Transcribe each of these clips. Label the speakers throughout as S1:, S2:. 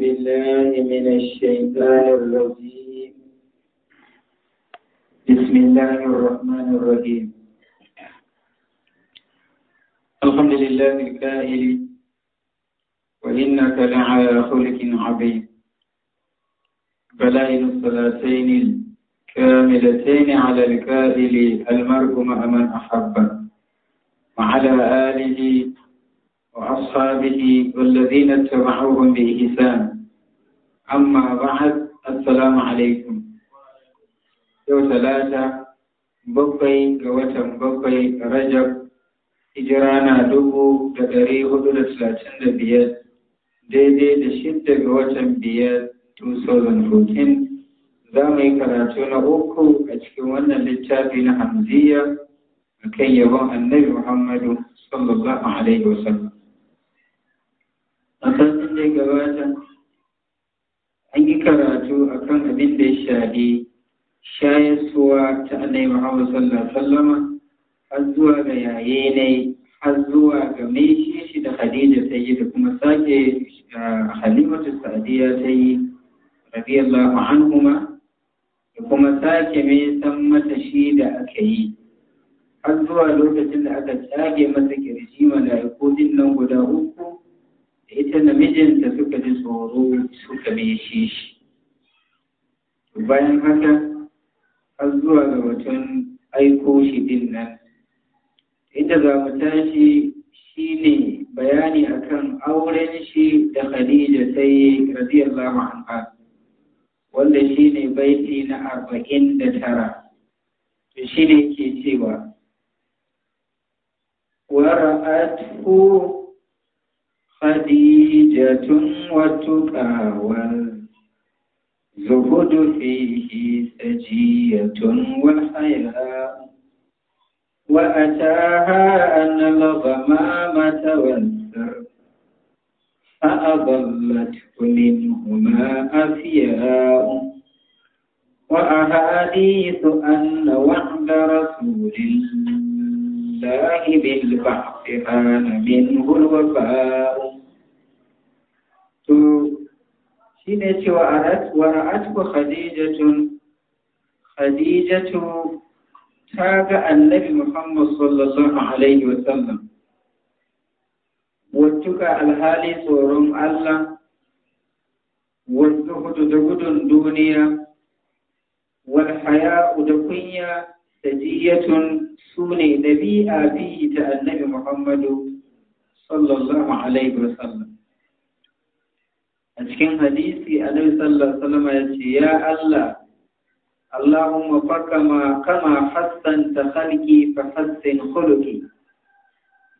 S1: بالله من الشيطان الرجيم بسم الله الرحمن الرحيم الحمد لله الكاهل وإنك لعلى خلق عظيم بلائن الصلاتين الكاملتين على الكاهل المرء مع من أحب وعلى آله وأصحابه والذين اتبعوهم بإحسان amma ba'ad assalamu alaikum yau talata bakwai ga watan bakwai rajab hijira na dubu da ɗari hudu da talatin da biyar daidai da shidda ga watan biyar 2014 za mu yi karatu na uku a cikin wannan littafi na hamziya a kan yabon annabi muhammadu sallallahu alaihi wasallam abin da ya shahi shayarwa ta annai Muhammad sallallahu alaihi wasallama har zuwa ga yaye ne har zuwa ga mai shi da Khadija ta yi da kuma sake Halimatu Sa'diya ta yi radiyallahu anhuma da kuma sake mai san mata shi da aka yi har zuwa lokacin da aka tsage masa kirji mala'iku din nan guda uku da ita namijinta suka ji tsoro suka mai shi shi bayan haka har zuwa ga batun aiko shi din nan inda za mu tashi shi ne bayani akan auren shi da khadija sai radiyallahu anha wanda shi ne baiti na arba'in da tara to shi ne ke cewa wara'atu khadijatun watuqa زهد فيه سجية وحياء وأتاها أن الغمامة والسر فأضلته منهما أفياء وأحاديث أن وعد رسول الله بالبعث كان منه الوفاء shi ne ce wa ra'atku khadijatun khadijatu ta ga annabi muhammad sallallahu alaihi wa sallam wattuka alhali tsoron allah wasu da gudun duniya haya da kunya da jiyatun su ne ɗabi'a biyu ta annabi muhammadu sallallahu alaihi wa sallam a cikin hadisi a sallallahu alaihi ya ce ya Allah Allahumma fakama kama fassanta halki fa hassin kuluki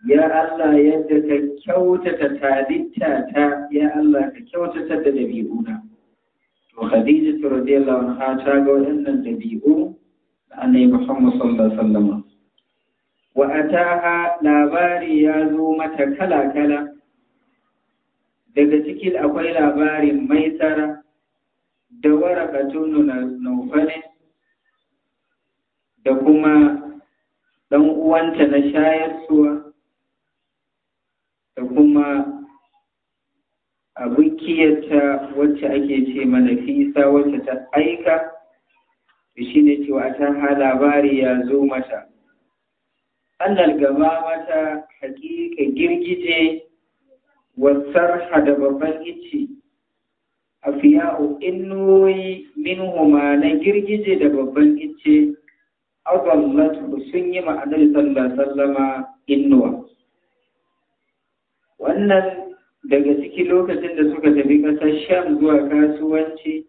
S1: ya Allah yadda ka kyautata talitta ta ya Allah ka kyautata da dabi'una to Khadija radiyallahu anha ta ga wannan dabi'u da Annabi Muhammad sallallahu alaihi wasallam wa ataha labari ya zo mata kala kala daga ciki akwai labarin maisara da warakatun naufalin da kuma ɗan uwanta na shayarsuwa da kuma abukiyarta wacce ake ce Nafisa wacce ta aika shi ne cewa ta ha labari ya zo mata annal gaba mata hakika girgije Wasarha da babban ice a fiya'u innoyi minhuma na girgije da babban ice azallatu sun yi ma'anar sallah sallama innuwa wannan daga ciki lokacin da suka tafi ƙasar zuwa kasuwanci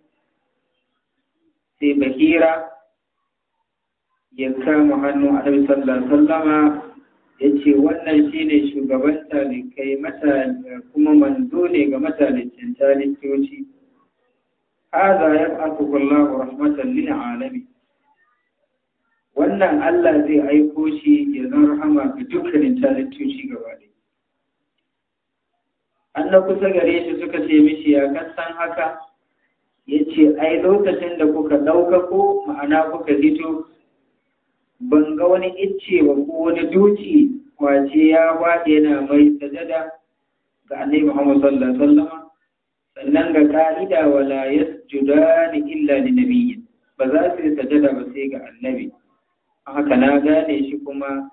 S1: sai bahira ya kama hannu a sallah sallama ce wannan ne shugaban talikai kuma manzo ne ga matalicin talikiyoci hada ya fata kullahu rahmatan lil wannan Allah zai aiko shi ya zan rahama ga dukkanin talikiyoci gaba an na kusa gare shi suka ce mishi ya kasan haka ya ce ai lokacin da kuka ɗauka, ko ma'ana kuka zito, ban ga wani icce ba ko wani duci Wace ya faɗi yana mai sajada ga annabi Muhammad sallallahu alaihi sannan ga ka'ida wala ni illa li nabiyyin ba za su yi sadada ba sai ga annabi haka na gane shi kuma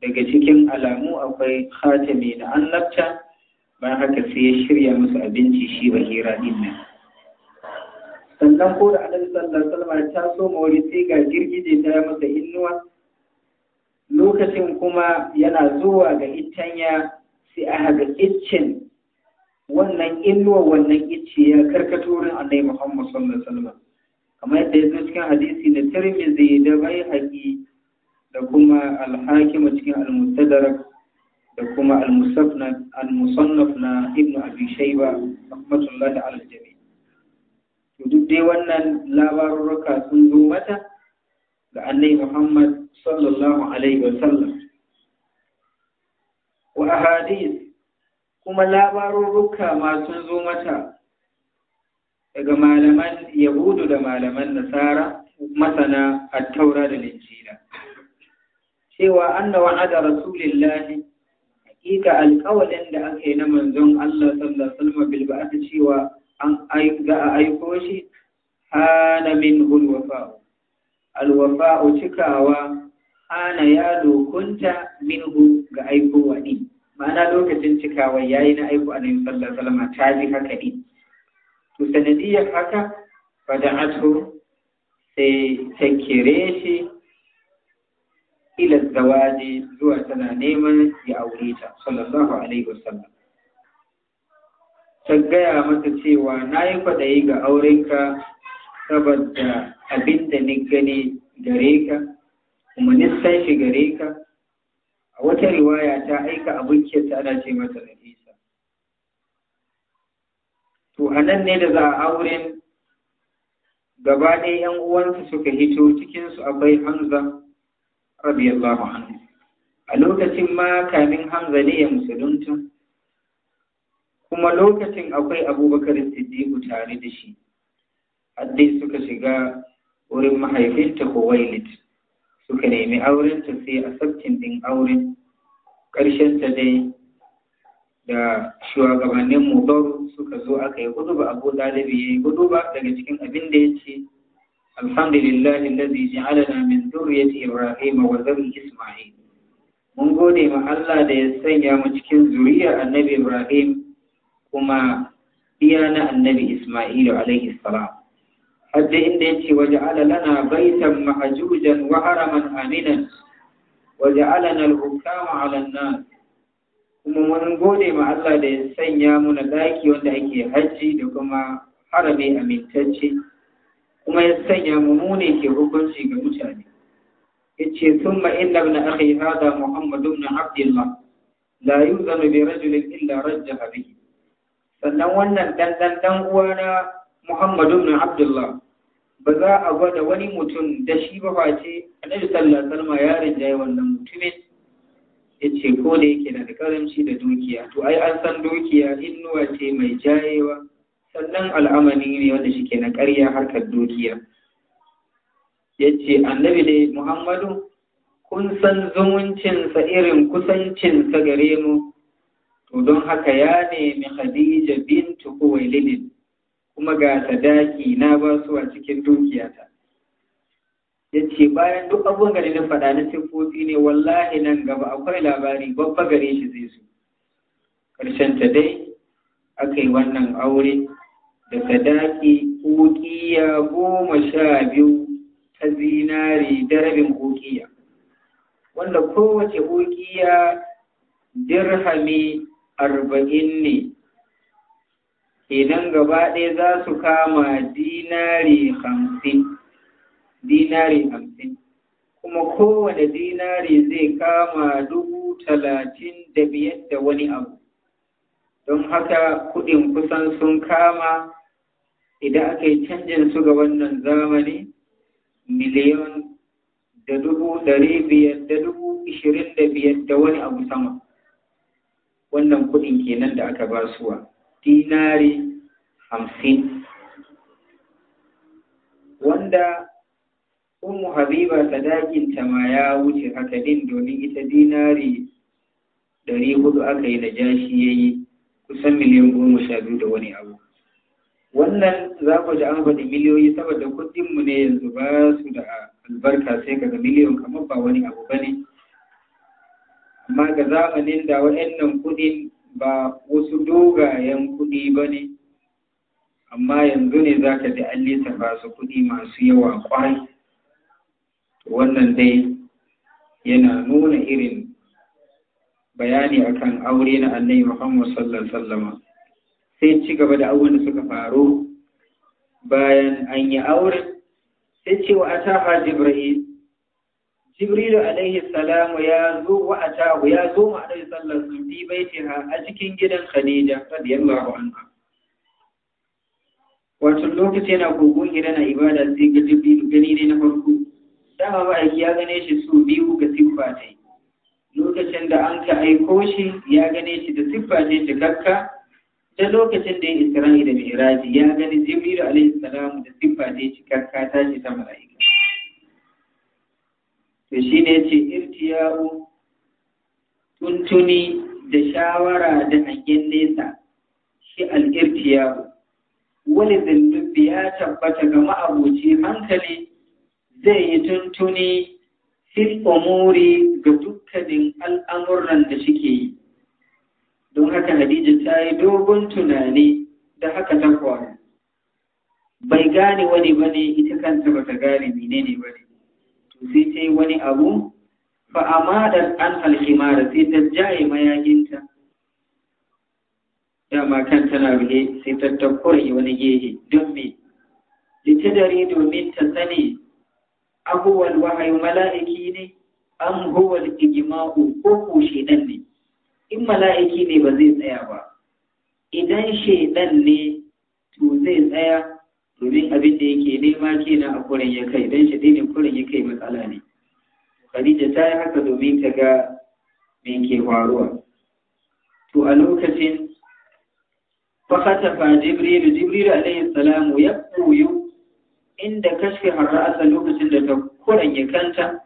S1: daga cikin alamu akwai khatami na annabta bayan haka sai ya shirya musu abinci shi hira din nan sannan ko da annabi sallallahu alaihi ta so wani sai ga girgije ta yi masa innuwa lokacin kuma yana zuwa ga itanya sai aka ga iccen wannan inuwa wannan icce ya karkato wurin nai Muhammad sallallahu alaihi wasallam kamar yadda ya zo cikin hadisi da Tirmidhi da Baihaqi da kuma Al-Hakim cikin Al-Mustadrak da kuma Al-Musannaf Al-Musannaf na Ibn Abi Shayba rahmatullahi ala jami' to duk dai wannan labarurruka sun zo mata ga annai Muhammad sallallahu Alaihi wasallam. Wa ahadis kuma labarurruka masu zo mata daga malaman Yahudu da malaman Nasara masana attaura da Linjila. Cewa anna wa'ada Rasulillahi hakika alƙawalin da aka yi na manzon Allah sallallahu alaihi wasallam bil ba'ath cewa an aika aiko shi hana min hulwafa alwafa'u cikawa ana ya dokunta minhu ga aiko wani ma'ana lokacin cikawa yayi na aiko annabi sallallahu alaihi wasallam ta ji haka ne to sanadiyar haka fada'atu sai ta kire shi ila zawaji zuwa tana neman ya aure ta sallallahu alaihi wasallam ta gaya mata cewa na yi kwaɗayi ga aurenka saboda abin da ni gani gare ka kuma ni san shi gare ka a wata riwaya ta aika abokiyarta ana ce mata Nafisa to nan ne da za a auren gaba ɗaya ‘yan uwansa suka hito cikinsu akwai Hamza radiyallahu anhu a lokacin ma kamin Hamza ne ya musulunta kuma lokacin akwai abubakar siddiqu tare da shi haddai suka shiga wurin mahaifinta wailit suka nemi aurenta sai a sabtin din auren ta dai da shugabannin mubar suka zo aka yi ba abu dalibi ya yi ba daga cikin abin da ya ce alhamdulillahi lazi ja'alana min zurriyati ibrahim wa zurri isma'il mun gode ma Allah da ya sanya mu cikin zuriya annabi ibrahim kuma iya na annabi isma'il alaihi salam Hadda inda yake waje lana baitan mahajujan wa haraman aminan waje alana al-hukama kuma mun gode ma Allah da ya sanya muna daki wanda ake hajji da kuma harami amintacce kuma ya sanya mu mu ne ke hukunci ga mutane yace thumma inna ibn akhi hada muhammad ibn abdullah la yuzanu bi rajulin illa rajjaha bihi sannan wannan dan dan dan uwana Muhammadu bin Abdullah ba za a gwada wani mutum da shi ba face annabi sallallahu alaihi wasallam ya rinjaye wannan mutumin yace ko da yake na da karamci da dukiya to ai an san dukiya innuwa ce mai jayewa sannan al'amani ne wanda shike na karya harkar dukiya yace annabi dai Muhammadu kun san zumuncinsa irin kusancinsa gare mu to don haka ya nemi Khadija bintu Khuwailid kuma ga sadaki na ba su a cikin dukiyata ya ce bayan duk abin gari na faɗa na siffofi ne wallahi nan gaba akwai labari babba gare shi zai su ta dai aka yi wannan aure da sadaki ƙoƙiya goma sha biyu ta zinari da rabin wanda kowace ƙoƙiya dirhami arba'in ne kenan gaba ɗaya za su kama dinari hamsin dinari hamsin kuma kowane dinari zai kama dubu talatin da biyar da wani abu don haka kuɗin kusan sun kama idan aka yi canjin su ga wannan zamani miliyan da dubu ɗari biyar da dubu ishirin da biyar da wani abu sama wannan kuɗin kenan da aka ba wa dinari hamsin wanda umu Habiba sadakinta ma ya wuce haka din domin ita dinari ɗari hudu aka yi da jashi ya yi kusan miliyan goma sha biyu da wani abu. Wannan za ku ji an faɗi miliyoyi saboda kuɗinmu ne yanzu ba su da albarka sai kaga miliyon kamar ba wani abu ba ne. Amma ga zamanin da waɗannan kuɗin ba wasu dogayen kuɗi ba ne amma yanzu ne za ka ji allita ba su kuɗi masu yawa ƙwai. wannan dai yana nuna irin bayani akan aure na annabi Muhammad sallallahu Sallama. sai ci gaba da abubuwan da suka faru bayan an yi aure sai cewa a ataha Jibril jibrilu alaihi salamu ya zo wa atahu ya zo ma alaihi sallallahu fi baitiha a cikin gidan khadija radiyallahu anha wato lokaci yana gogon gida na ibada sai ga jibrilu gani ne na farko dama a ya gane shi su biyu ga siffa ta lokacin da an ka aiko shi ya gane shi da siffa ta cikakka ta lokacin da ya isra'i da mi'raji ya gani jibrilu alaihi salamu da siffa ta cikakka ta ce ta mala'ika to shi ne ce irtiyawu tuntuni da shawara da hangen nesa shi al'irtiyawu wani zindubi ya tabbata ga ma'abuci hankali zai yi tuntuni fil umuri ga dukkanin al'amuran da suke yi don haka Hadija ta yi dogon tunani da haka ta kwara bai gane wani bane ita kanta ba bata gane menene bane sai ta wani abu fa amadar an alhimara sai ta jaye mayaginta dama kan tana bihe sai ta takkure wani gehe don me dare domin ta sani abuwal wahayin mala'iki ne an huwal igima'u ko ko shedan ne in mala'iki ne ba zai tsaya ba idan shedan ne to zai tsaya domin abin da yake nema kenan a kuren ya kai dan shi dinin kuren ya kai matsala ne Khadija ta yi haka domin ta ga me ke faruwa to a lokacin fa jibrilu jibrilu alayhi salamu ya koyo inda kashfi harra'asa lokacin da ta kuren ya kanta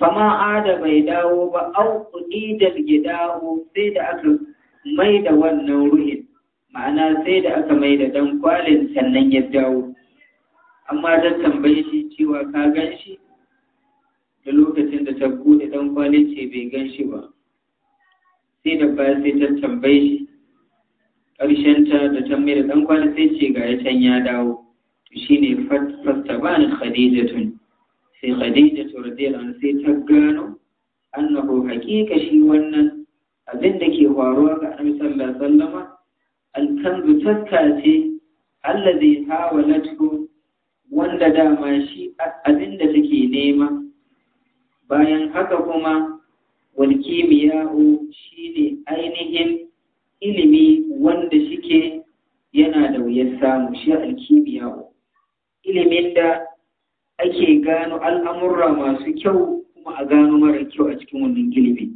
S1: fama ada bai dawo ba au idal dawo sai da aka mai da wannan ruhin ma'ana sai da aka mai da dan kwalin sannan ya dawo amma ta tambaye shi cewa ka gan shi da lokacin da ta bude dan kwalin ce bai gan shi ba sai da baya sai ta tambaye shi ta da ta mai da dan kwalin sai ce ga ya can ya dawo shi ne Khadija tun. sai Khadija khadijatu radiyallahu anha sai ta gano annahu haƙiƙa shi wannan abin da ke faruwa ga annabi sallallahu alaihi wasallama alkanzu taska ce allazi hawalatku wanda dama shi abin da take nema bayan haka kuma wal kimiyahu shine ainihin ilimi wanda shike yana da wuyar samu shi alkimiyahu ilimin da ake gano al'amurra masu kyau kuma a gano mara kyau a cikin wannan ilimi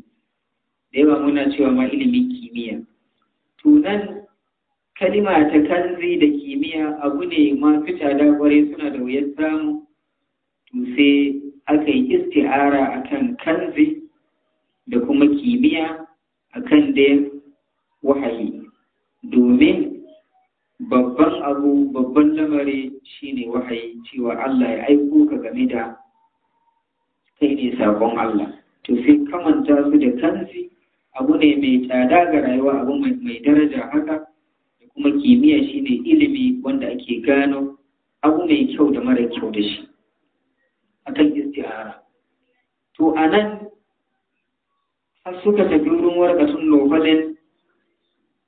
S1: da yawa muna cewa ma ilimin kimiyya to kalima ta kanzi da kimiyya abu ne masu cada kwarai suna da wuyar samu sai aka yi isti'ara akan kanzi da kuma kimiyya akan da wahayi domin babban abu babban lamari shine wahayi cewa Allah ya aiko ka game da kai ne sabon Allah to sai kamanta su da kanzi abu ne mai tsada ga rayuwa abu mai daraja haka kuma kimiyya shine ilimi wanda ake gano abu mai kyau da mara kyau da shi akan istihara to a nan har suka tafi wurin warkatun nofalin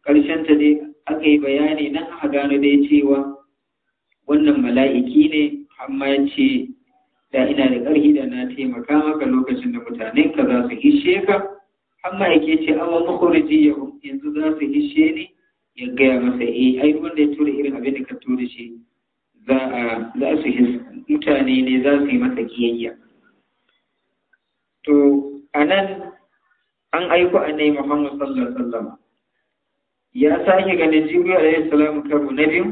S1: ƙarshen ta dai aka yi bayani na aka gano dai cewa wannan mala'iki ne amma ya ce da ina da ƙarfi da na taimaka maka lokacin da mutanen ka za su hishe ka amma ya ke ce awa makurji yanzu za su hishe ni ya gaya masa eh ai wanda ya tura irin abin da ka tura shi za a za su mutane ne za su yi masa kiyayya to anan an aiko annabi Muhammad sallallahu alaihi wasallam ya sake ganin Jibril alaihi salam karo na biyu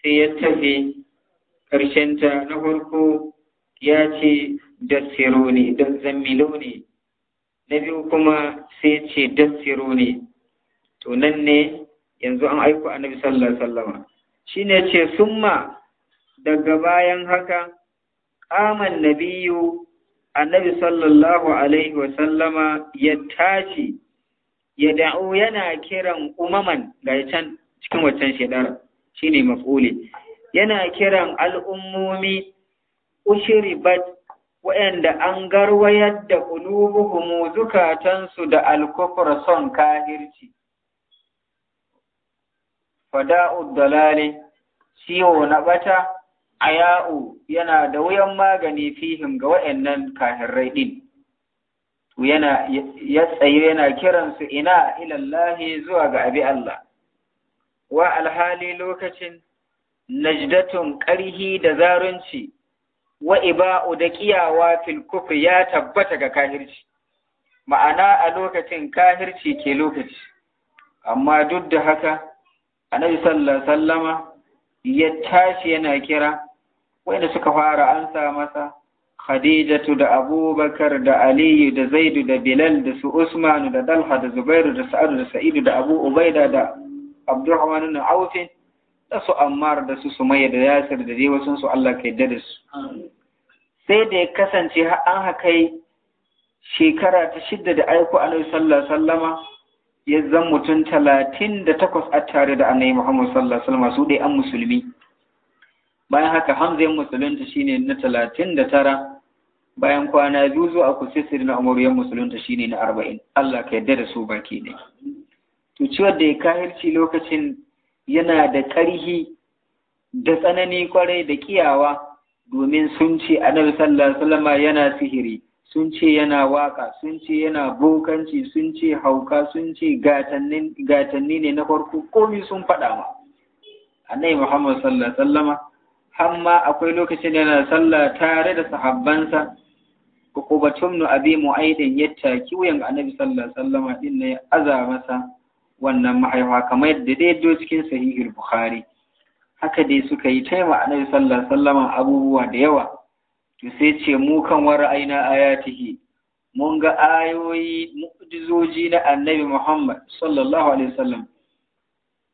S1: sai ya tafi ta na farko ya ce dassiro ne zammilo ne na biyu kuma sai ce dassiro ne to nan ne yanzu an aiko annabi sallallahu alaihi wasallama shine ce summa daga bayan haka qaman nabiyyu annabi sallallahu alaihi wasallama ya tashi ya da'u yana kiran umaman ga can cikin waccan shedar shine maf'uli yana kiran al'ummomi ushribat wa'anda an garwayar da qulubuhum zukatansu da al-kufra son kahirci fada'ud uddalali ciwo na bata aya'u yana da wuyan magani fihim ga waɗannan kahirrai ɗin. yana ya tsaye yana kiransu ina ilallahi zuwa ga abi Allah wa alhali lokacin najdatun ƙarhi da zarunci wa iba'u da ƙiyawa fil ya tabbata ga kahirci ma'ana a lokacin kahirci ke lokaci amma duk da haka annabi sallallahu sallama ya tashi yana kira wanda suka fara ansa masa khadijatu da abubakar da aliyu da zaidu da bilal da su usmanu da dalha da zubairu da sa'adu da sa'idu da abu ubaida da abdurrahman bin Auf da su ammar da su sumayya da yasir da dai wasu su allah ka yadda da su sai da ya kasance an haka shekara ta shidda da aiko annabi sallallahu sallama ya zan mutum talatin da takwas a tare da annabi Muhammad sallallahu alaihi wasallam su dai an musulmi bayan haka Hamza yan musulunta shine na talatin da tara bayan kwana biyu zuwa ku sisir na Umaru yan musulunta shine na arba'in Allah ka yadda da su baki ne to ciwon da ya kahirci lokacin yana da karhi da tsanani kwarai da kiyawa domin sun ce annabi sallallahu alaihi wasallam yana sihiri sun ce yana waka sun ce yana bokanci sun ce hauka sun ce gatanni ne na farko komi sun faɗa ma annai muhammad sallallahu sallama hamma akwai lokacin yana salla tare da sahabbansa ukubatun nu abi mu'aidin ya taki wuyan annabi sallallahu sallama din ne aza masa wannan mahaifa kamar yadda dai do cikin sahihul bukhari haka dai suka yi taima annabi sallallahu sallama abubuwa da yawa to sai ce mu kan wara aina ayatihi mun ga ayoyi mu'jizoji na annabi Muhammad sallallahu alaihi wasallam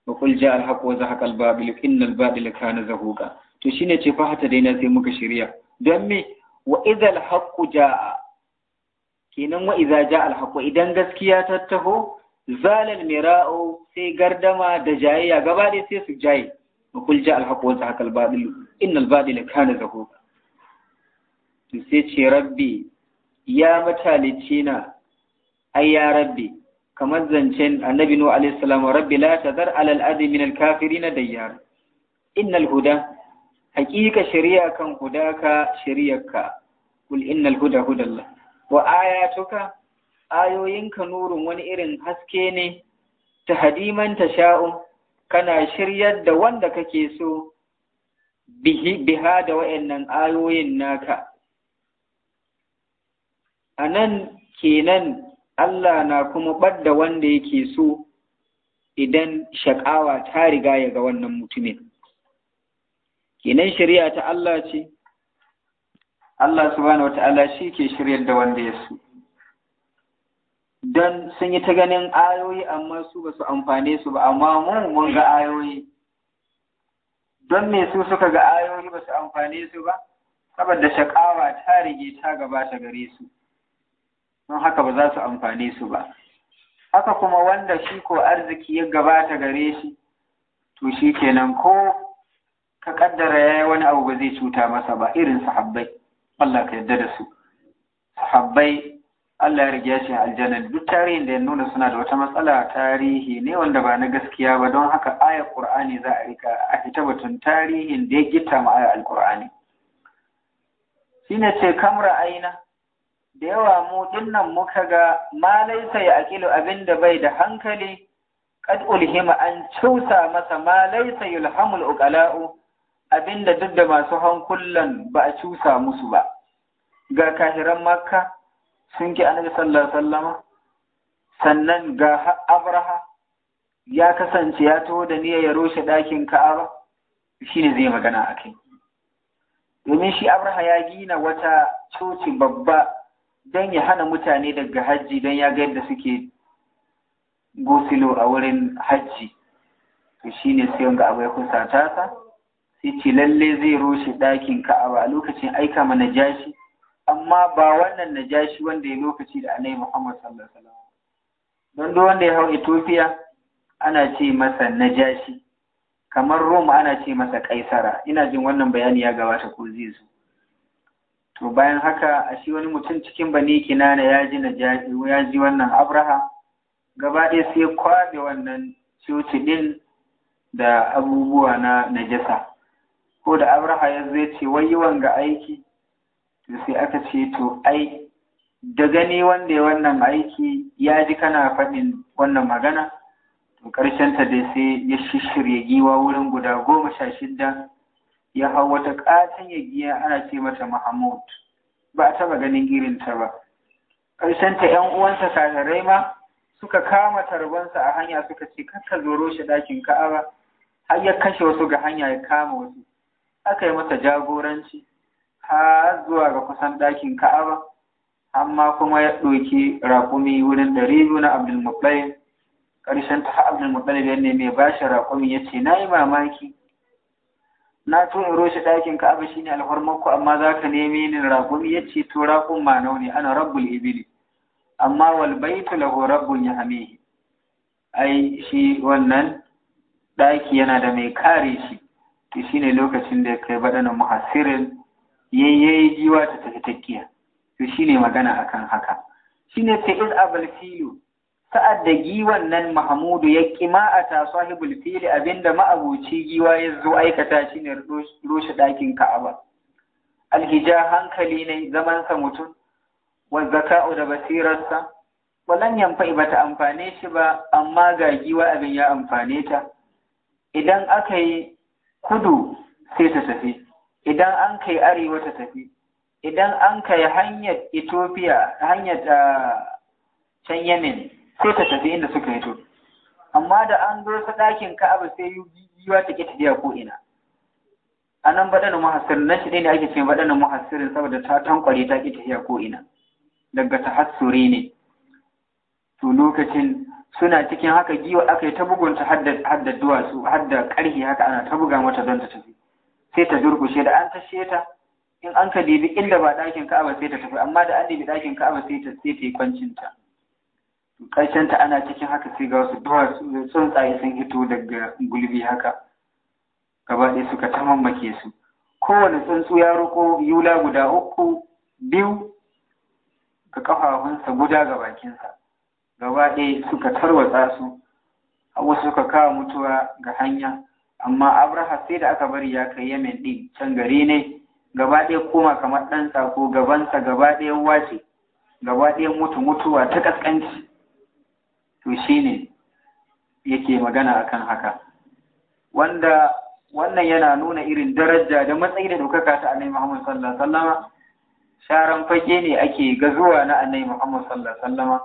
S1: wa qul ja al haqq wa zahaqa al babil inna al babil kana zahuqa to shine ce fa hata daina sai muka shirya dan me wa idha al haqq jaa kenan wa idha jaa al haqq idan gaskiya ta taho zalal mira'u sai gardama da jayayya gaba ɗaya sai su jaye wa qul ja al haqq wa zahaqa al babil inna al babil kana zahuqa to sai ce rabbi ya matalici na ai ya rabbi kamar zancen annabi nuhu alaihi salam rabbi la tazar alal ardi min al kafirin dayyar innal huda haqiqa shari'a kan ka shari'arka kul innal huda hudallah wa ayatuka ayoyinka nurun wani irin haske ne ta hadiman ta sha'u kana shiryar da wanda kake so biha da wa'annan ayoyin naka a nan kenan Allah na kuma ɓadda wanda yake so idan shaƙawa ta riga ya ga wannan mutumin. Kenan shari'a ta Allah ce, Allah subhanahu wa ta'ala shi ke shiryar da wanda ya so. Don sun yi ta ganin ayoyi amma su ba su amfane su ba, amma mun mun ga ayoyi. Don me su suka ga ayoyi ba su amfane su ba, saboda shaƙawa ta rige ta gabata gare su. don haka ba za su amfane su ba haka kuma wanda shi ko arziki ya gabata gare shi to shi kenan ko ka kaddara ya yi wani abu ba zai cuta masa ba irin sahabbai Allah ka yadda da su sahabbai Allah ya riga shi aljanar duk tarihin da ya nuna suna da wata matsala tarihi ne wanda ba na gaskiya ba don haka ayar Qur'ani za a rika a fita batun tarihin da ya gita ma ayar Al-Qur'ani ne ce kamar aina da yawa mu dinnan muka ga ma laisa ya aqilu abinda bai da hankali qad ulhima an cusa masa ma laisa yulhamul uqala'u abinda duk da masu hankulan ba a cusa musu ba ga kahiran makka sun ki annabi sallallahu alaihi wasallam sannan ga abraha ya kasance ya taho da niyyar ya roshe ɗakin ka'aba shine zai magana akai domin shi abraha ya gina wata coci babba don ya hana mutane daga hajji don ya ga yadda suke gosilo a wurin hajji to ne sai wanga abu ya kusata sa sai ce lalle zai rushe ɗakin ka'aba a lokacin aika ma najashi amma ba wannan najashi wanda ya lokaci da annabi Muhammad sallallahu alaihi don duk wanda ya hau Ethiopia ana ce masa najashi kamar Roma ana ce masa kaisara ina jin wannan bayani ya gabata ko zai zo to bayan haka a shi wani mutum cikin bani kinana ya ji na ya ji wannan abraha gaba ɗaya sai kwabe wannan coci ɗin da abubuwa na najasa ko da abraha ya zai ce wai wanga aiki to sai aka ce to ai da gani wanda ya wannan aiki ya ji kana faɗin wannan magana to ta dai sai ya shishirye giwa wurin guda goma sha shidda ya hau wata ƙatan ya giya ana ce mata Mahmud ba a taɓa ganin ta ba ƙarshenta ‘yan uwansa kafirai ma suka kama tarbansa a hanya suka ce kanka zoro shi ɗakin ka'aba har ya kashe wasu ga hanya ya kama wasu aka yi masa jagoranci har zuwa ga kusan ɗakin ka'aba amma kuma ya ɗauki raƙumi wurin ɗari biyu na abdulmuɗɗalib Karshen ta abdulmuɗɗalib ya nemi ya bashi raƙumi ya ce na yi mamaki na turo shi ɗakin ka'aba shine alhormarku amma za ka neme ni raƙumi ya ce to raƙun ma ne ana rabbul ibili amma wal baitu lahu rabbun ya ai shi wannan ɗaki yana da mai kare shi to shine lokacin da kai baɗanin muhassirin yayyayi jiwa ta tafi takkiya to shine magana akan haka shine ta iz abal filu sa'ad da giwan nan Mahmudu ya a sahibul fili abinda ma'abuci giwa ya zo aikata shi ne rushe ɗakin Ka'aba. Alhija hankali ne zamansa mutum, wazzaka'u da basirarsa, walan yamfa'i ta amfane shi ba, amma ga giwa abin ya amfane ta. Idan aka yi kudu sai ta tafi, idan an kai arewa ta tafi, idan an kai hanyar Ethiopia, hanyar ah, can Yemen, sai ta tafi inda suka yi to amma da an zo su ɗakin ka'aba sai yiwuwa take tafiya ko ina a nan baɗanin muhassirin na shi ne ake ce baɗanin muhassirin saboda ta tankware ta ƙi tafiya ko ina daga ta hassure ne to lokacin suna cikin haka giwa aka yi ta bugunta hadda duwatsu hadda ƙarfi haka ana ta buga mata don ta tafi sai ta durkushe da an tashe ta in an ka dibi inda ba ɗakin ka'aba sai ta tafi amma da an dibi ɗakin ka'aba sai ta sai ta yi kwancinta ƙarshen ta ana cikin haka sai ga wasu sun tsuntsaye sun hito daga gulbi haka gaba ɗaya suka ta mamake su kowane tsuntsu ya roƙo yula guda uku biyu ga ƙafafunsa guda ga bakinsa gaba ɗaya suka tarwatsa su wasu suka kawo mutuwa ga hanya amma abraha sai da aka bari ya kai yamen ɗin can gari ne gaba ɗaya koma kamar ɗan tsako gabansa gaba ɗaya wace gaba ɗaya mutu mutuwa ta ƙasƙanci to shi shine yake magana a kan haka wanda wannan yana nuna irin daraja da matsayi da ɗaukaka ta annabi Muhammad sallallahu alaihi wasallama sharan fage ne ake gazuwa na annabi Muhammad sallallahu alaihi wasallama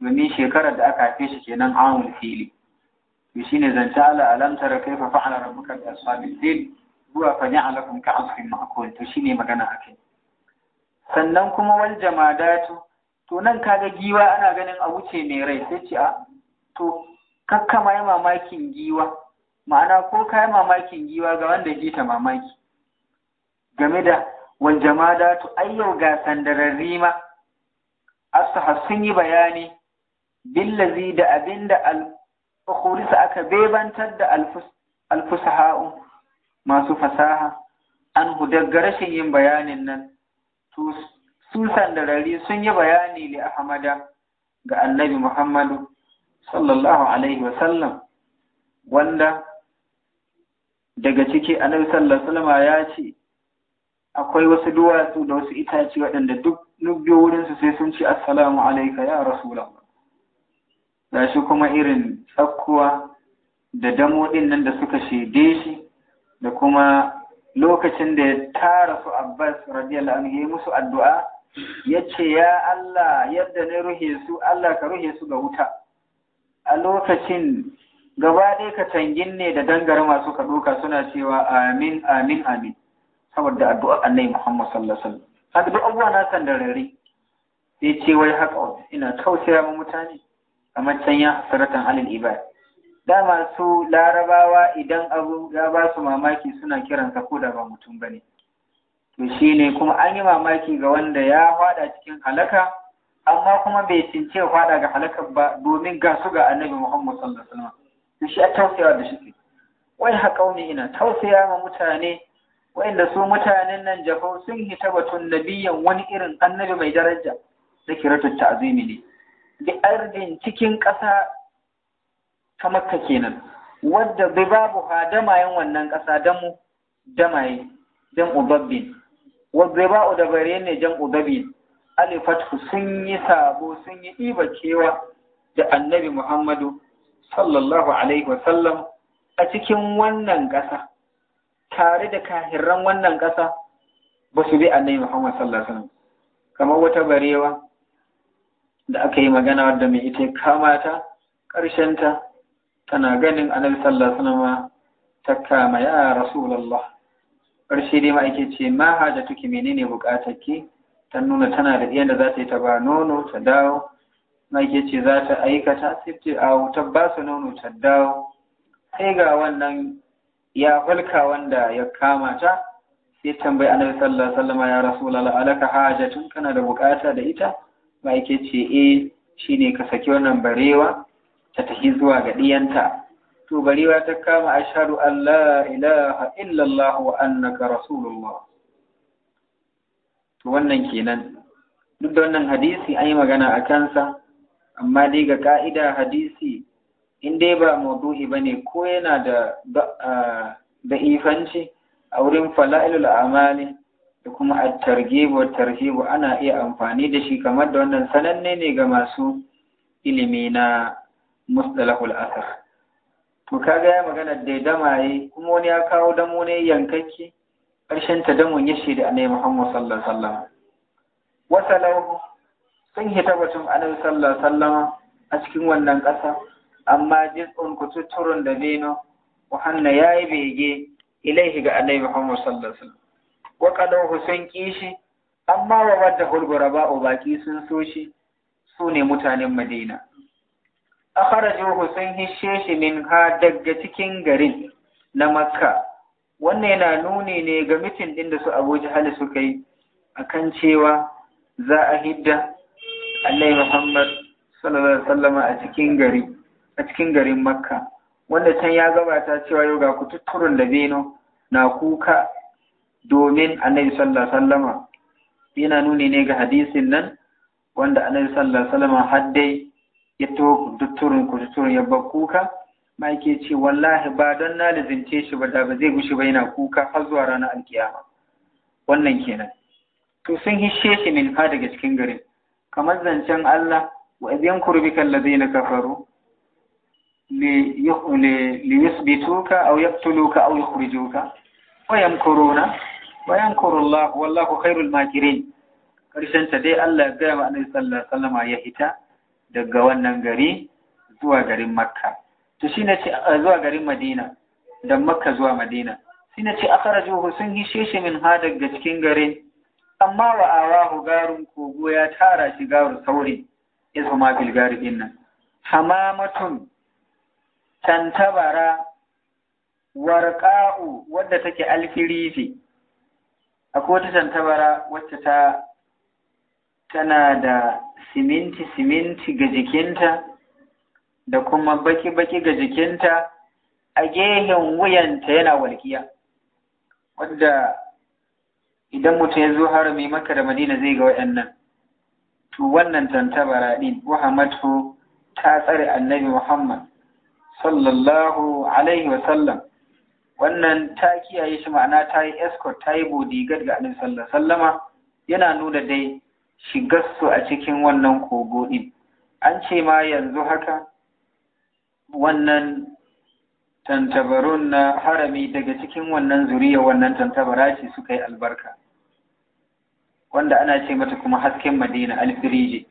S1: domin shekarar da aka haife shi kenan awun fili to shi ne zanta ala alamtar tara kaifa fa'ala rabbuka bi ashabil fil huwa fani'a lakum ka asfin ma'kul to shi ne magana akai sannan kuma wal jamadatu to nan kaga giwa ana ganin a wuce mai rai sai ce a ah, to kakka ma mamakin giwa ma'ana ko ka yi mamakin giwa ga wanda ya ta mamaki game da wal jamada to ayyau ga sandararri ma asaha sun yi bayani billazi da abinda al aka bebantar da alfusaha'u masu fasaha an hudar rashin yin bayanin nan to da rari sun yi bayani li ahmada ga annabi muhammadu sallallahu alaihi wasallam wanda daga ciki annabi sallallahu alaihi ya ce akwai wasu duwatsu da wasu itace waɗanda duk biyo wurinsu sai sun ce assalamu alaika ya rasula ga shi kuma irin tsakkuwa da damo nan da suka shaide shi da kuma lokacin da ya tara su abbas radiyallahu anhu ya musu addu'a ya ce ya Allah yadda na ruhe su Allah ka ruhe su ga wuta a lokacin gaba ɗaya ka cangin ne da dangare masu ka ɗoka suna cewa amin amin amin saboda addu'a annai Muhammad sallallahu alaihi wasallam haka duk abubuwa na san darare sai ce wai haka ina tausaya ma mutane Kamar matsayin ya halin ibad dama su larabawa idan abu ya ba su mamaki suna kiransa ko da ba mutum bane ne to ne kuma an yi mamaki ga wanda ya fada cikin halaka amma kuma bai cince fada ga halaka ba domin ga su ga annabi Muhammad sallallahu alaihi wasallam shi a tausayawa da shi wai ha kauni ina tausaya ma mutane da su mutanen nan jafau sun hita batun nabiyan wani irin annabi mai daraja da kiratun ta'zimi ne da ardin cikin ƙasa ta makka kenan wadda bai babu ha damayen wannan ƙasa damu damaye dan ubabbin والضباء دبرين جمع دبين ألفته سني sun yi إيبا كيوا دا النبي محمد صلى الله عليه a cikin wannan ƙasa, tare da kahirran wannan ƙasa ba su bi annabi Muhammadu sallallahu alaihi wasallam kamar wata barewa da aka yi magana wadda mai ita kamata ƙarshenta tana ganin annabi sallallahu alaihi wasallam ta kama ya rasulullah ƙarshe dai ma'aike ce ma haja tuki menene buƙatar ki ta nuna tana da iyan da za ta yi ta ba nono ta dawo ma'aike ce za ta aikata sifti a wuta ba su nono ta dawo sai ga wannan ya falka wanda ya kama ta sai tambayi annabi sallallahu alaihi wasallam ya rasulullah alaka hajatun kana da buƙata da ita ma'aike ce eh shine ka saki wannan barewa ta tafi zuwa ga ɗiyanta to barewa ta kama a an Allah ilaha illallah wa annaka rasulullah to wannan kenan duk da wannan hadisi an yi magana a kansa amma dai ga ka'ida hadisi in dai ba maudu'i bane ko yana da da ifanci a wurin fala'ilul amali da kuma a targibu tarhibu ana iya amfani da shi kamar da wannan sananne ne ga masu ilimi na mustalahul asar to ga ya magana dama yi kuma wani ya kawo damo ne yankakke ƙarshen ta damon ya shaida annabi Muhammad sallallahu alaihi Wasu wasalau sun hita batun annabi sallallahu alaihi a cikin wannan ƙasa amma jiz'un kututturun da beno wahanna yi bege ilaihi ga annabi Muhammad sallallahu alaihi wasallam wa sun kishi amma wa wadda hulgura ba'u baki sun so shi su ne mutanen Madina akharajuhu sun hishe shi min ha daga cikin garin na makka wannan yana nuni ne ga mitin din da su abu jahali suka yi akan cewa za a hidda annai muhammad sallallahu alaihi wasallama a cikin gari a cikin garin makka wanda can ya gabata cewa yau ga da beno na kuka domin annabi sallallahu alaihi wasallama yana nuni ne ga hadisin nan wanda annabi sallallahu alaihi wasallama haddai ya to dutturin kututturin ya ba kuka ma yake ce wallahi ba don na lizince shi ba da ba zai gushi ba yana kuka har zuwa ranar alkiyama wannan kenan to sun hishe shi min ha daga cikin garin kamar zancen Allah wa idan kurbika allazina kafaru li yusbituka aw yaqtuluka aw yukhrijuka wa yamkuruna wa yamkuru Allah wallahu khairul makirin karshen ta dai Allah ya ga annabi sallallahu alaihi wasallam ya hita daga wannan gari zuwa garin makka to shine ce zuwa garin madina da makka zuwa madina shine ce akhrajuhu sun yi sheshe min ha daga cikin garin amma wa awahu garun kogo ya tara shi sauri ya ma bil garin nan hamamatun tantabara warqa'u wadda take alfirifi akwai wata tantabara wacce ta tana da siminti-siminti ga jikinta da kuma baki-baki ga jikinta a gehen wuyanta yana walƙiya wadda idan mutum ya zo harami maka da madina zai ga wa'annan to wannan tantabara ɗin muhammadu ta tsare annabi muhammad sallallahu alaihi wasallam wannan ta kiyaye shi ma'ana ta yi escort ta yi bodyguard ga annabi sallallahu sallama yana nuna dai su a cikin wannan kogo ɗin an ce ma yanzu haka wannan tantabarun na harami daga cikin wannan zuriya wannan tantabara ce suka yi albarka wanda ana ce mata kuma hasken madina alfirije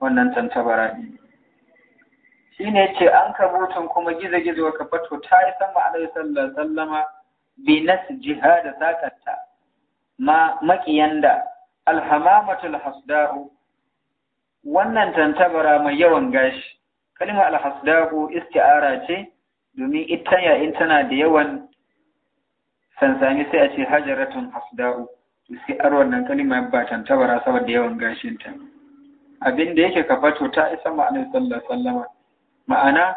S1: wannan tantabara ɗin shi ne ce an kabutun kuma gizo-gizo ka fato ta yi sama da ɗaya sallama binas jihada sakatta ma makiyanda alhamamatul hasda'u wannan tantabara mai yawan gashi kalma alhasda'u isti'ara ce domin ita ya in tana da yawan sansani sai a ce hajaratun hasda'u to sai ar wannan kalma ba tantabara saboda yawan gashinta abin da yake kafato ta isa ma'anar sallallahu alaihi wasallama ma'ana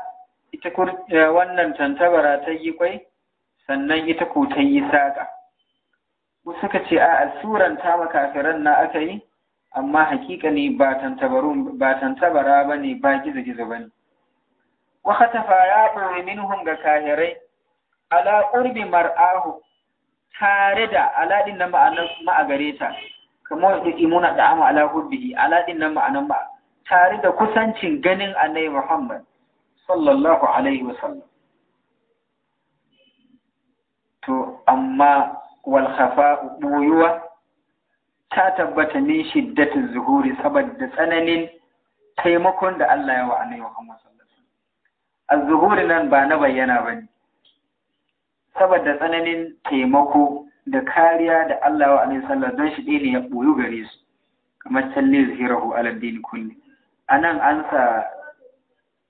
S1: ita eh, wannan tantabara ta yi kwai sannan ita ko ta yi saƙa suka ce a suranta makafiran na aka yi amma hakika ne ba tantabara ba ne ba gizo-gizo ba ne wa khatafa ya ɓoye minhum ga kahirai ala ƙurbi mar'ahu tare da aladin na ma'anar ma'agare ta kamar da imuna da ama ala hubbihi aladin na ma'anar ma tare da kusancin ganin annabi Muhammad sallallahu alaihi wasallam to amma wal khafa'u ta tabbata ne shiddatin zuhuri saboda tsananin taimakon da Allah ya wa annabi Muhammad sallallahu alaihi wasallam az nan ba na bayyana bane saboda tsananin taimako da kariya da Allah wa alaihi wasallam don shi ne ya boyu gare su kamar salli zuhirahu ala din kulli anan an sa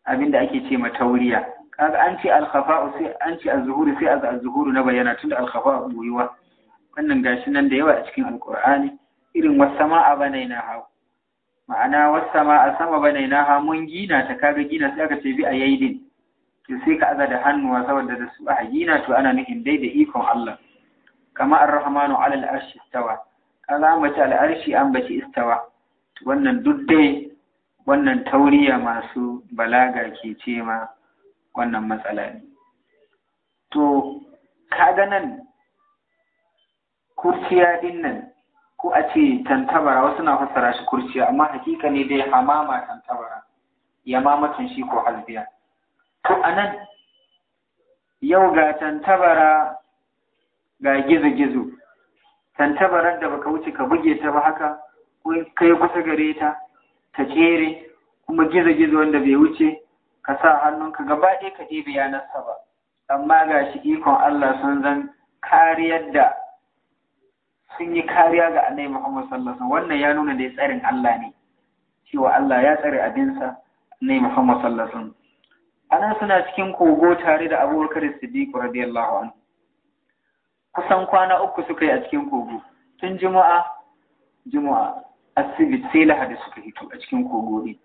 S1: abinda ake ce tauriya kaga an ce al-khafa'u sai an ce az-zuhuri sai az-zuhuru na bayyana tunda al-khafa'u boyuwa wannan gashi nan da yawa a cikin alkur'ani irin wasama a bane na hau ma'ana wasama a sama bane na ha mun gina ta kaga gina sai aka ce bi a yaidin to sai ka aza da hannuwa saboda da su a gina to ana nufin dai da ikon Allah kama ar-rahmanu ala al-arshi istawa Kaza an bace al-arshi an bace istawa wannan duk dai wannan tauriya masu balaga ke ce ma wannan matsala ne to kaga nan kurciya din nan ko a ce tantabara wasu na fassara shi kurciya amma hakika ne dai hamama tantabara ya mamatan shi ko halbiya to anan yau ga tantabara ga gizo-gizo tantabarar da baka wuce ka buge ta ba haka ko kai kusa gare ta ta tsere kuma gizo-gizo wanda bai wuce ka sa hannunka gaba ɗaya ka ɗebe yanarsa ba amma ga shi ikon Allah sun zan kariyar da sun yi kariya ga annabi Muhammad sallallahu alaihi wannan ya nuna da tsarin Allah ne cewa Allah ya tsare abinsa annabi Muhammad sallallahu alaihi anan suna cikin kogo tare da Abubakar Siddiq radiyallahu anhu kusan kwana uku suka yi a cikin kogo tun juma'a juma'a asibi sai lahadi suka hito a cikin kogo ne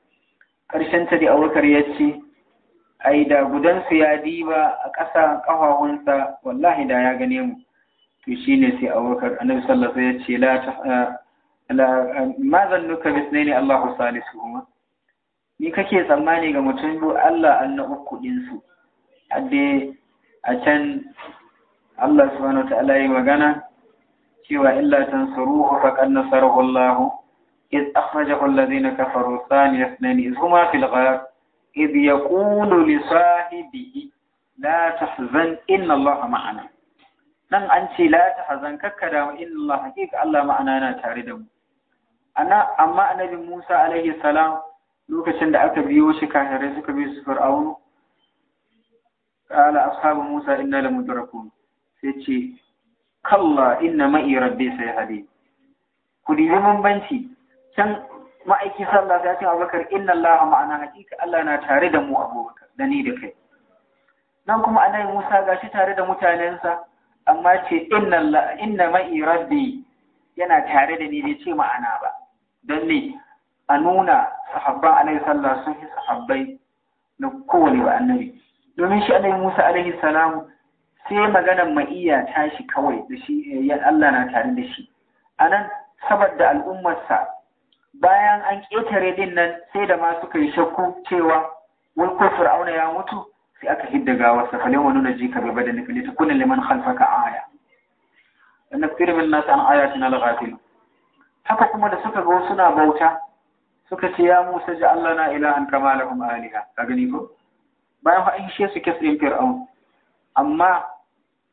S1: Karshen ta da Abubakar ya ce ai da gudansu ya diba a ƙasa ƙafafunsa wallahi da ya gane mu to ne sai abubakar annabi sallallahu alaihi ya ce la ma zannuka bisnaini allahu kuma. ni kake tsammani ga mutum biyu allah an na uku ɗinsu hadde a can allah su wa ta'ala yi magana cewa illa tansuruhu faqad nasarahu na إذ أخرجه الذين كفروا ثاني اثنين إذ هما في الغار إذ يقول لصاحبه لا تحزن إن الله ma'ana. nan an ce la ta hazan kakka da inna Allah hakika Allah ma'ana yana tare da mu ana amma annabi Musa alaihi salam lokacin da aka biyo shi kahirai suka bi su fir'aunu qala ashabu Musa inna lamudrakun sai ce kalla inna ma'i rabbi sayhadi ku mun bambanci can ma'aiki sallah sai ce Abubakar inna Allah ma'ana hakika Allah na tare da mu Abubakar da ni da kai nan kuma annabi Musa gashi tare da mutanensa amma ce inna ma'i rabbi yana tare da ni bai ce ma'ana ba don ne a nuna sahabban alaihi sallah sun fi sahabbai na kowane ba annabi domin shi alaihi musa alaihi salamu sai maganar ma'iya ta shi kawai da shi yan Allah na tare da shi a nan saboda al'ummarsa bayan an ƙetare din nan sai da ma suka yi shakku cewa wai kofar auna ya mutu sai aka hidda gawarsa falin wani na jika bai bada nufi ta kunan liman halfaka aya da na firimin nasa an aya tana lagafilu haka kuma da suka ga suna bauta suka ce ya musa ji allah na ilahan kama lahum aliha ka gani ko bayan fa an shi su kes fir'aun amma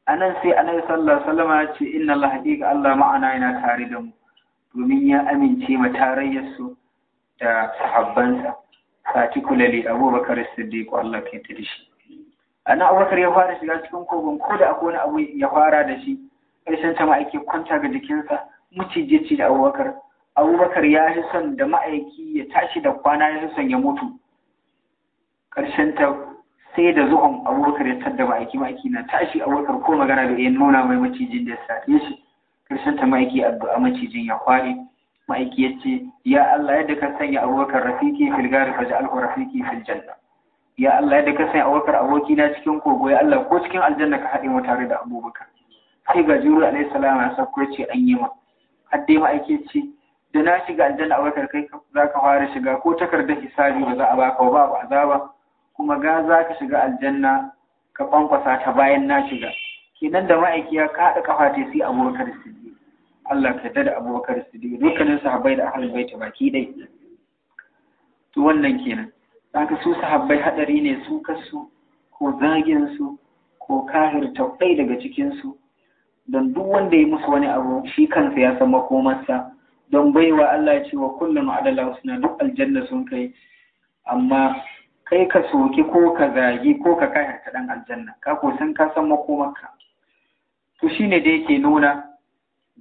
S1: a nan sai annabi sallallahu alaihi wasallam ya ce inna allah haqiqa allah ma'ana yana tare da mu domin ya amince ma tarayyar su da sahabbansa particularly abubakar siddiq allah ke tirishi ana abubakar ya fara shiga cikin kogon ko da akwai wani abu ya fara da shi san ta ma'aiki kwanta ga jikinsa mucije ci da abubakar abubakar ya fi son da ma'aiki ya tashi da kwana ya fi son ya mutu ƙarshen ta sai da zuhon abubakar ya tadda ma'aiki ma'aiki na tashi abubakar ko magana da ya nuna mai macijin da ya sace shi ƙarshen ta ma'aiki addu'a macijin ya kware ma'aiki ya ce ya Allah yadda ka sanya abubakar rafiki fil gari faj'alhu rafiki filjanna ya Allah yadda ka sanya abubakar aboki na cikin kogo ya Allah ko cikin aljanna ka haɗe mu tare da abubakar sai ga jibril alayhi salam ya sauko ce an yi ma har dai ma'aike ce da na shiga aljanna abubakar kai za ka fara shiga ko takardar hisabi ba za a baka ba ba azaba kuma ga za ka shiga aljanna ka kwankwasa ta bayan na shiga kenan da ma'aiki ya kaɗa kafa ta sai abubakar siddiq Allah ka yarda da abubakar siddiq dukkanin sahabbai da ahlul baiti baki dai to wannan kenan Daga su sahabbai haɗari ne su kasu ko zaginsu ko kahir tauɗai daga cikinsu don duk wanda ya musu wani abu shi kansa ya san makomarsa don baiwa Allah ya ce wa kullum adala suna duk aljanna sun kai amma kai ka soki ko ka zagi ko ka kahir ta dan aljanna ka ko san ka san makomarka to shine da yake nuna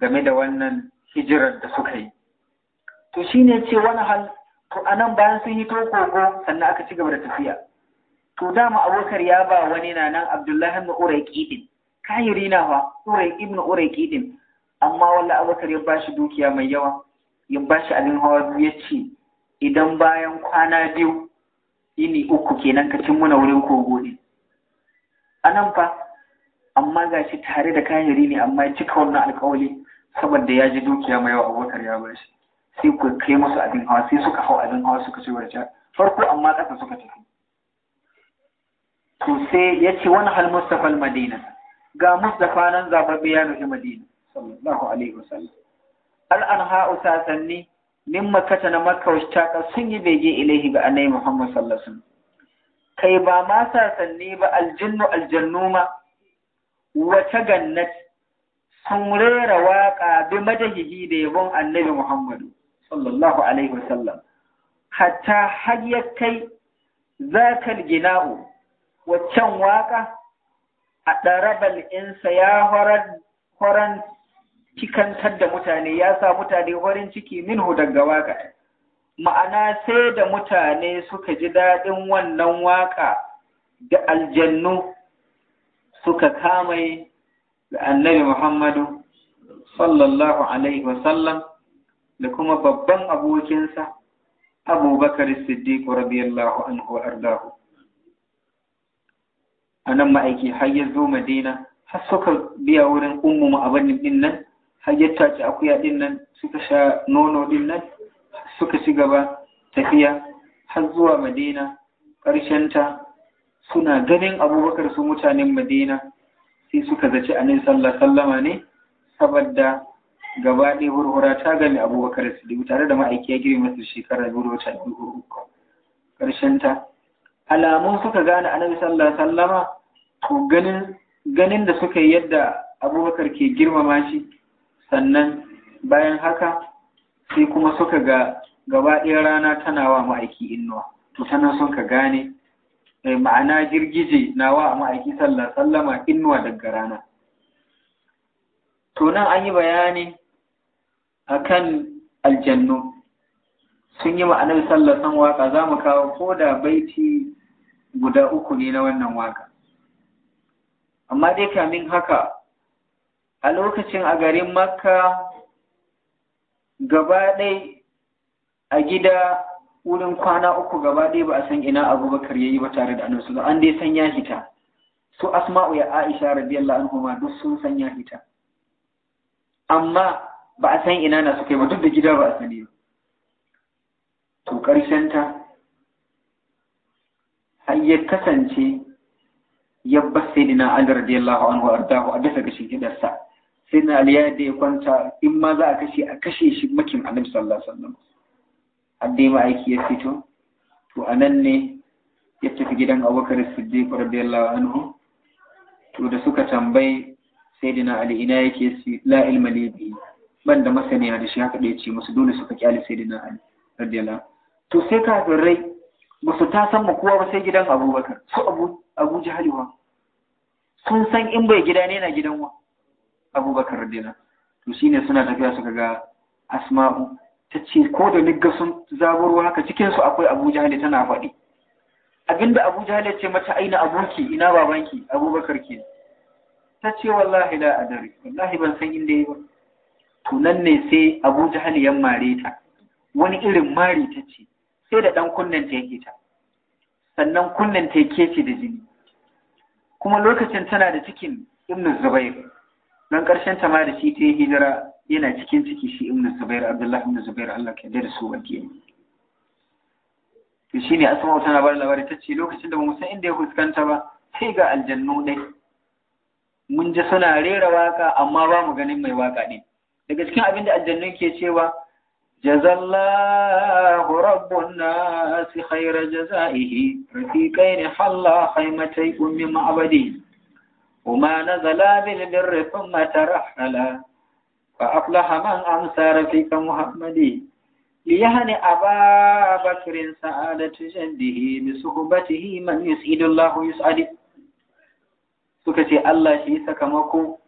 S1: game da wannan hijirar da suka yi to shine ce wani hal to a nan bayan sun yi kogo sannan aka ci gaba da tafiya to dama abokar ya ba wani na nan abdullahi ibn urai kidin kahiri na fa urai ibn urai kidin amma walla abokar ya ba shi dukiya mai yawa ya ba shi abin hawa biyu ya ce idan bayan kwana biyu ini uku kenan ka cin muna wurin kogo ne a nan fa amma ga shi tare da kahiri ne amma ya cika wannan alkawali saboda ya ji dukiya mai yawa abokar ya ba shi sai ku kai musu abin hawa sai suka hau abin hawa suka ce warja farko amma ƙasa suka tafi to sai ya ce wani hal Mustapha al-Madina ga Mustapha nan zababbe ya nufi Madina sallallahu alaihi wasallam al anha'u sasanni min makkata na makka washtaka sun yi bege ilaihi ga annabi Muhammad sallallahu alaihi wasallam kai ba ma sasanni ba aljinnu aljannuma wata gannat sun rera waƙa bi madahihi da yabon annabi Muhammadu sallallahu alaihi wasallam hatta har ya kai zakal gina'u waccan waka a ɗarabal insa ya horan cikantar da mutane ya sa mutane warin ciki min minhu daga waka ma'ana sai da mutane suka ji daɗin wannan waka da aljannu suka kamaye da annabi muhammadu sallallahu alaihi wasallam da kuma babban abokinsa abubakar siddiq radiyallahu anhu ardahu a nan ma'aiki har ya zo madina har suka biya wurin ummu ma'abanin din nan har ya tace akuya din nan suka sha nono din nan suka ci gaba tafiya har zuwa madina ta suna ganin abubakar su mutanen madina sai suka zaci anin sallah sallama ne saboda gaba ɗaya hurhura ta gami abubakar siddiq tare da ma'aiki ya girma shekarar shekara biyu da wata biyu ƙarshen ta alamun suka gane annabi sallallahu alaihi wasallama to ganin ganin da suka yi yadda abubakar ke girmama shi sannan bayan haka sai kuma suka ga gaba ɗaya rana tana wa ma'aiki innuwa to tana son ka gane eh, ma'ana girgije na wa ma'aiki sallallahu alaihi wasallama innuwa daga rana to nan an yi bayani akan aljannu sun yi ma'anar sallasan waka za mu kawo ko da baiti guda uku ne na wannan waka amma dai kamin haka a lokacin a garin makka gaba ɗai a gida wurin kwana uku gaba ɗaya ba a san ina abubakar ya yi ba tare da annabi an dai san ya hita su asma'u ya aisha radiyallahu ma duk sun san ya hita amma ba a san ina na suka yi ba duk da gida ba a sani ba to ƙarshen ta har ya kasance ya ba sai dina Ali radiyallahu anhu ardahu a bisa gashin gidarsa sai na Ali ya da ya kwanta in ma za a kashe a kashe shi makin Annabi sallallahu alaihi wasallam addai ma aiki ya fito to anan ne ya tafi gidan Abubakar Siddiq radiyallahu anhu to da suka tambayi sayyidina Ali ina yake la ilma li ban da masaniya da shi haka da ya ce musu dole suka kyale sai dina ali radiyallahu to sai rai ba su ta san kowa ba sai gidan abubakar su abu abu sun san in bai gida ne na gidan wa abubakar radiyallahu to shine suna tafiya suka ga asma'u ta ce ko da nigga sun zaburo haka cikinsu akwai abu jahali tana faɗi abinda abu jahali ce mata aina abunki ina babanki abubakar ke ta ce wallahi la adari wallahi ban san inda yi ba to nan ne sai Abu Jahal ya mare ta wani irin mari ta ce sai da ɗan kunnen ta yake ta sannan kunnen ta yake ce da jini kuma lokacin tana da cikin Ibn Zubair Dan ƙarshen ta ma da shi ta yi hijira yana cikin ciki shi Ibn Zubair Abdullahi Ibn Zubair Allah ka da su baki to shine Asma'u tana bar labari ta ce lokacin da ba mu san inda ya fuskanta ba sai ga aljannu dai mun ji suna rera waka amma ba mu ganin mai waka ɗin daga cikin abin da aljanna ke cewa jazallahu rabbun nasi khaira jazaihi rafiqai ne halla haimatai ummi ma abadi kuma na zala bil birri kuma tarhala fa aflaha man ansara fi ka muhammadi li yahani aba bakrin sa'adatu jandihi bi suhbatihi man yusidullahu suka ce Allah shi sakamako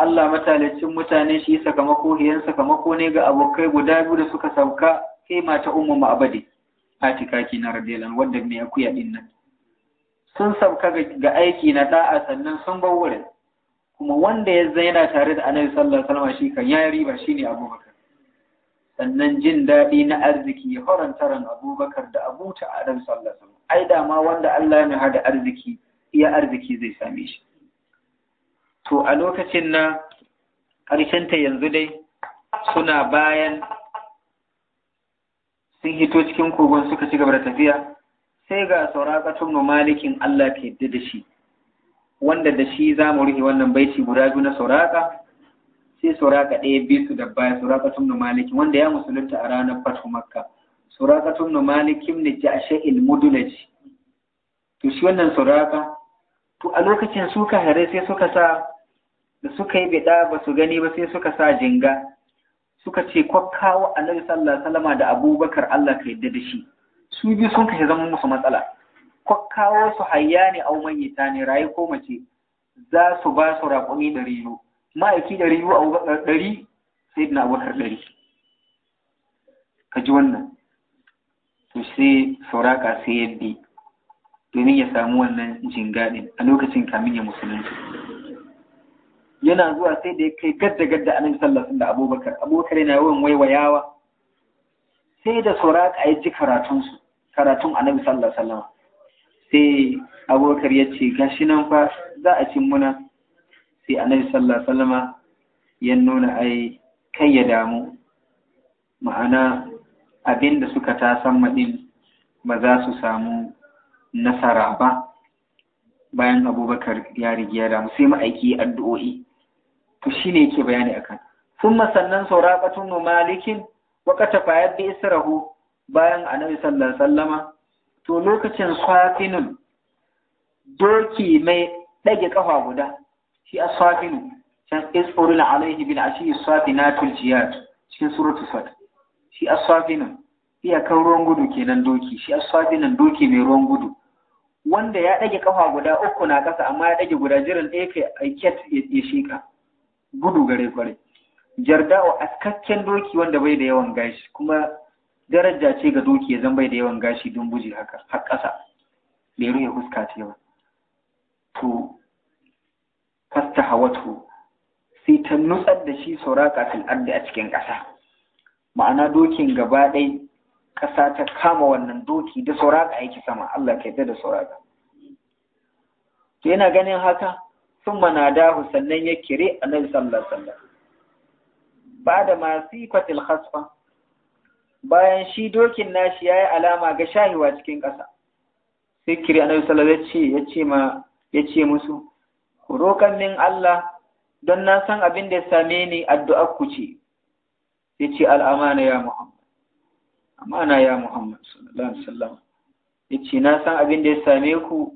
S1: Allah matalicin mutane shi sakamako hiyan sakamako ne ga abokai guda biyu da suka sauka kai mata ummu ma'abadi atika kina radiyalan wanda me akuya din nan sun sauka ga aiki na da'a sannan sun bar wurin kuma wanda ya zaina tare da annabi sallallahu alaihi wasallam shi kan yi riba shine abubakar sannan jin daɗi na arziki ya faranta ran abubakar da Abu a sallallahu alaihi wasallam ai da ma wanda Allah ya hada arziki iya arziki zai same shi to a lokacin nan ƙarshenta yanzu dai suna bayan sun hito cikin kogon suka ci gaba da tafiya sai ga saurakatun malikin Allah ke yadda da shi wanda da shi za mu rufe wannan baiti guda biyu na sauraka sai sauraka ɗaya su da baya saurakatun malikin wanda ya musulunta a ranar fatu makka saurakatun malikin da ji a sha'il mudulaji to shi wannan sauraka to a lokacin suka hare sai suka sa da suka yi bida ba su gani ba sai suka sa jinga suka ce ko kawo annabi sallallahu alaihi da abubakar Allah ka yadda da shi su biyu sun kashe zama musu matsala ko kawo su hayya ne au manyita ne rayu ko mace za su ba su raƙumi ɗari biyu ma'aiki ɗari biyu abubakar ɗari sai na abubakar ɗari ka ji wannan to sai sauraka sai ya bi domin ya samu wannan jingaɗin a lokacin kamin ya musulunci yana zuwa sai da ya kai gadda gadda anan sallasun da abubakar abubakar yana yawan waiwayawa sai da sauraka a yi ji karatunsu karatun annabi sallallahu alaihi sai abubakar ya ce gashi nan fa za a cin muna sai annabi sallallahu alaihi ya nuna ai kai ya damu ma'ana abin da suka san maɗin ba za su samu nasara ba bayan abubakar ya rigi ya damu sai ma'aiki addu'o'i to shi ne yake bayani akan sun sannan sauraƙatun nu wakata fayar da israhu bayan annabi sallallahu sallama to lokacin swafinun doki mai ɗage kafa guda shi a swafinu can isurul alaihi bin ashi swafinatul jiyad cikin suratu sad shi a swafinun iya kan ruwan gudu kenan doki shi a swafinun doki mai ruwan gudu wanda ya ɗage kafa guda uku na ƙasa amma ya ɗage guda jiran ɗaya kai aiket ya sheka gudu gare Jarda jarda'u askakken doki wanda bai da yawan gashi kuma daraja ce ga doki ya zan bai da yawan gashi don buji haka har ƙasa bai ruwa fuska ce ba to fasta hawatu sai ta nutsar da shi sauraka fil ardi a cikin ƙasa ma'ana dokin gaba ɗaya ƙasa ta kama wannan doki da sauraka aiki sama Allah ka yadda da sauraka to yana ganin haka sun dahu sannan ya kire a nan sallar. sallar. ba da masifatil haspa, bayan shi dokin nashi ya yi alama ga shahiwa cikin ƙasa sai kire a nan sallar ya ce ma ya ce musu ku roƙan min Allah don na san abin da same ni addu'ar ku ce ya ce al'amana ya Muhammad amana ya Muhammad sallallahu alaihi wasallam yace na san abin da ya same ku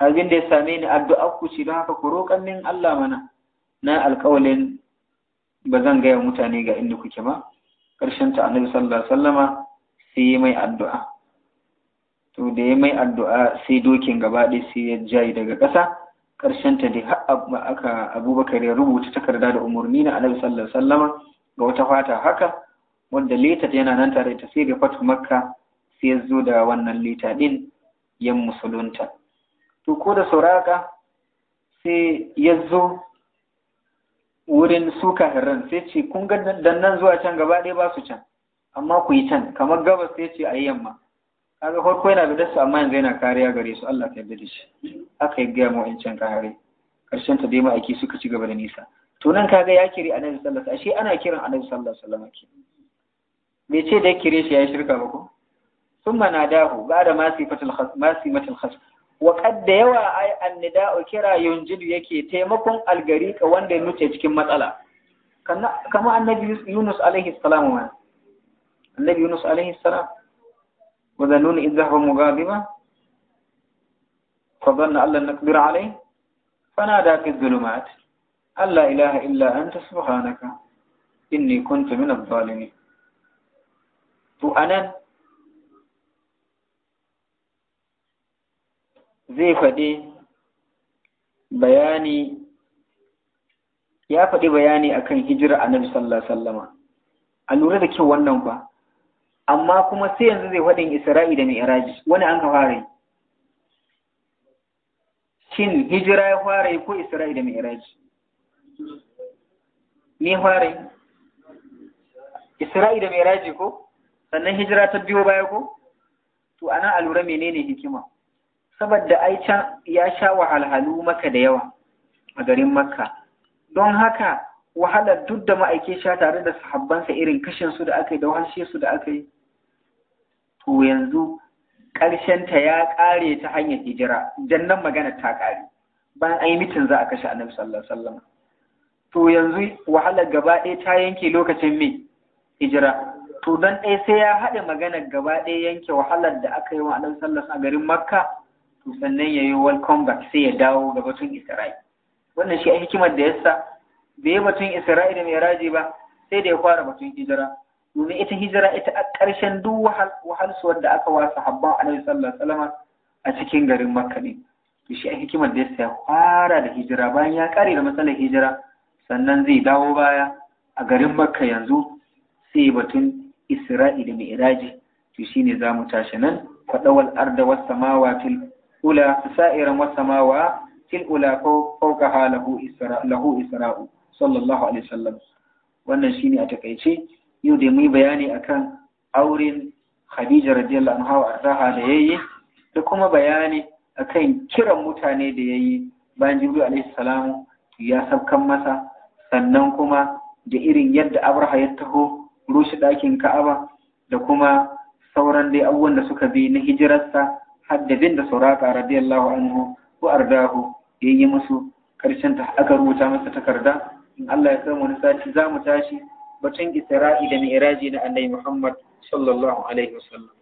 S1: abin da ya same ni addu'a ku ce don haka ku roƙan min Allah mana na alƙawalin ba zan gaya mutane ga inda kuke ba ƙarshen ta annabi sallallahu alaihi wasallama sai mai addu'a to da ya mai addu'a sai dokin gaba ɗaya sai ya jayi daga ƙasa ƙarshen ta da aka Abubakar ya rubuta takarda da umarni na annabi sallallahu alaihi wasallama ga wata fata haka wanda Litat yana nan tare ta sai da fatu makka sai zo da wannan leta din yan musulunta to ko da suraka sai ya zo wurin su kahiran sai ce kun ga dannan zuwa can gaba ɗaya ba su can amma ku yi can kamar gabas sai ce a yi yamma kaga farko yana da su amma yanzu yana kariya gare su Allah ta yarda da shi aka yi gaya mu can kahare karshen ta dai ma'aiki suka ci gaba da nisa to nan kaga ya kiri annabi sallallahu alaihi wasallam ashe ana kiran annabi sallallahu alaihi wasallam Me ce da kire shi yi shirka ba ko sun nadahu ba'da ma sifatul khas ma simatul khas wa qad da yawa ay annida'u kira yunjidu yake taimakon algari ka wanda ya nuce cikin matsala kama annabi Yunus alaihi salam ma annabi Yunus alaihi salam wa dhannuna idh zahaba mughadiba fa dhanna allan naqdir alayhi fanada fi dhulumat Allah ilaha illa anta subhanaka inni kuntu min adh-dhalimin to anan zai faɗi bayani ya faɗi bayani akan hijira Nabi sallallahu alaihi wasallama a lura da kyau wannan ba amma kuma sai yanzu zai faɗin isra'i da mi'raji wani an ka fara yi shin hijira ya fara yi ko isra'i da mi'raji ni fara yi isra'i da mi'raji ko sannan hijira ta biyo baya ko to ana a lura menene hikima saboda ai can ya sha wahalhalu maka da yawa a garin makka don haka wahalar duk da ma'aike sha tare da sahabbansa irin kashin su da aka yi da wahalshe su da aka yi to yanzu ta ya ƙare ta hanyar hijira jannan magana ta ƙare bayan an yi mitin za a kashe annabi sallallahu alaihi wasallam to yanzu wahalar gaba ɗaya ta yanke lokacin me hijira to dan ɗaya sai ya haɗe magana gaba ɗaya yanke wahalar da aka yi wa alaihi sallallahu a garin makka to sannan ya yi welcome back sai ya dawo ga batun Isra'il. wannan shi a hikimar da yasa bai yi batun isra'il da mai raji ba sai da ya fara batun hijira domin ita hijira ita a ƙarshen duk wahalsuwar da aka wasa habban alaihi sallallahu alaihi a cikin garin makka ne to shi a hikimar da yasa ya fara da hijira bayan ya ƙare da matsalar hijira sannan zai dawo baya a garin makka yanzu sai batun isra'i da mi'raji to shine za mu tashi nan fadawal arda was samawati ula sa'iran was samawa til ula fawqaha lahu isra lahu isra'u sallallahu alaihi wasallam wannan shine a takaice yau da mu bayani akan auren Khadija radiyallahu anha wa da yayi da kuma bayani akan kiran mutane da yayi bayan Jibril alaihi ya sabkan masa sannan kuma da irin yadda Abraha ya taho rushe ɗakin Ka'aba da kuma sauran dai abubuwan da suka bi na hijirarsa har da sauraka radiyallahu anhu ko ardahu ya yi musu karshen ta aka rubuta masa takarda in Allah ya samu wani sati za mu tashi batun isra'i da mi'raji na annabi Muhammad sallallahu alaihi wasallam